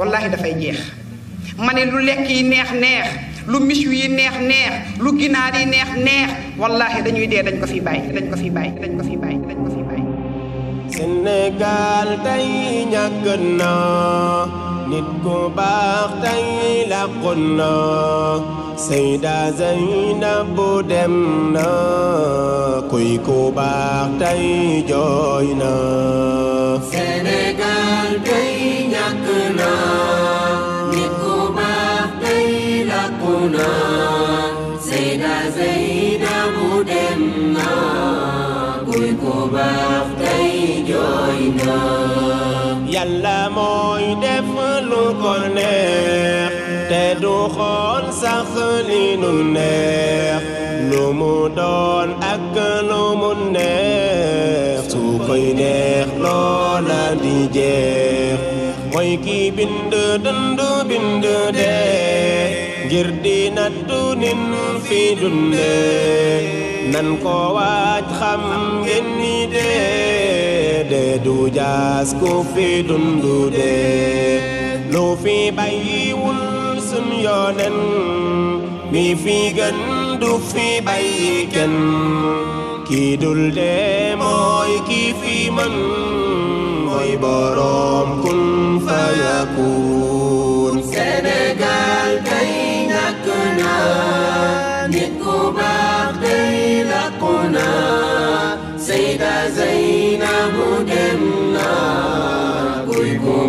wallaahi dafay jeex ma ne lu lekk yi neex neex lu misu yi neex neex lu ginaar yi neex neex wallaahi dañuy dee dañ ko fi bàyyi dañ ko fi bàyyi dañ ko fi bàyyi dañ ko fi bàyyi Sénégal ñàkk na nit ku baax tey làqoon na dây đem cô bạc đây đây gan سيدا زينب دمنا كويكو باقتي جوينا Senegal dây nyakna Niko đem lakuna Seyda cô bạc đây baaqtay joyna yàlla mooy def lu ko neex te du xool neex lu mu doon ak lu mu neex su koy neex loola di jeex mooy ki bind dund bind dee ngir di nattu nin fi dundee nan ko waaj xam ngeen ni du jaas ku fi dundu dee lu fi bàyyiwul sun yoonen mi fi gën du fi bàyyi kenn kii dul dee mooy kii fi mën mooy boroom kun fayakun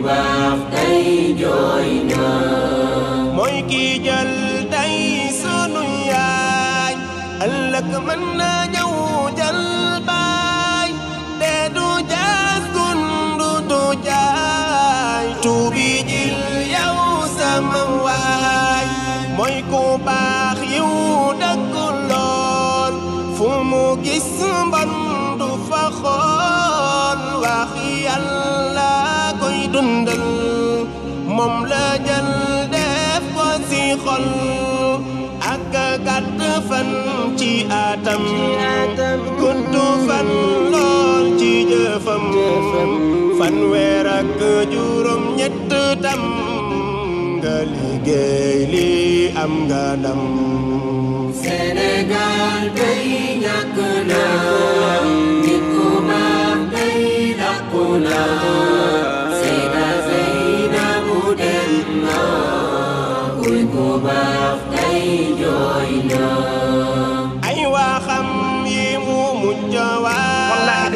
bạc tay dội nở mỗi kỳ dân tay xưa núi ai anh lực mình nhau dân bay để đu giá xuân đu đu giá chủ bị dil yêu xa mong hoài mỗi cô bạc yêu đất cô lòn phụ mù ký xưa moom la jël def ko si ak gàtt fan ci atam gudd fan lool ci jëfam fanweer ak juróom ñett tam nga liggéey li am nga ndam Sénégal day ñàkk na jooy na ay waxam yi mu mujj wax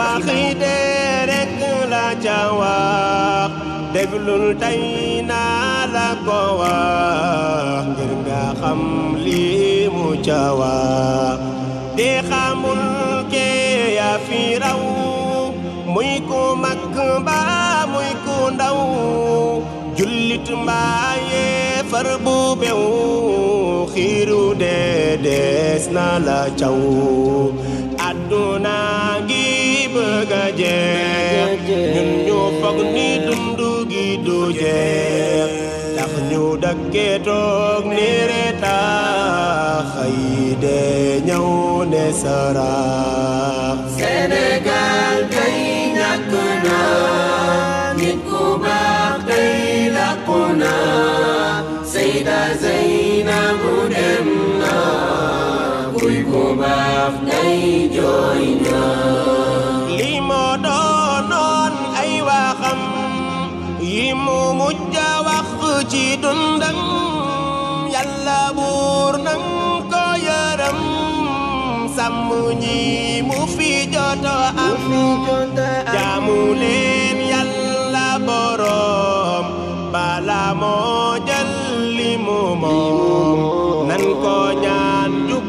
waxi dee rek la ca wax déglul tey na la ko wax ngir nga xam li mu ca wax di xamul ke ya fi raw muy ku mag ba mui ku đau, jullit mbaa ye far bu bew dee dees na la caw adduna ngi bëgg jeex ñun ñu foog ni dundu gi du jeex tax ñu dëkke toog ni reta xëy de ñëw ne saraax Sénégal day ñàkk nit ku baax day làkku na nay trôi nở limo đó non ấy và khâm yimu mujja wakfu chi dun dang yalla bur nang ko yaram samu nyi mu fi joto am jamu len yalla borom bala mo jal limu mo nan ko ñaan juk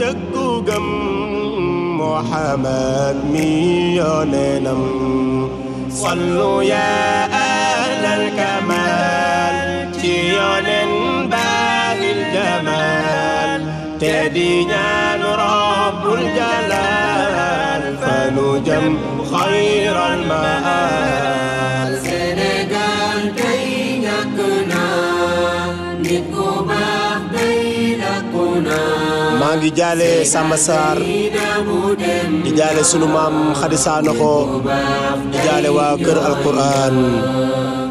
deug دم محمد نم صلوا يا أهل الكمال تيونن باهي الجمال تدينا رب الجلال فنجم خير المآل maa ngi jaale Samba Sarr di jaale sunu maam Khady Sanokho di jaale waa kër Alquran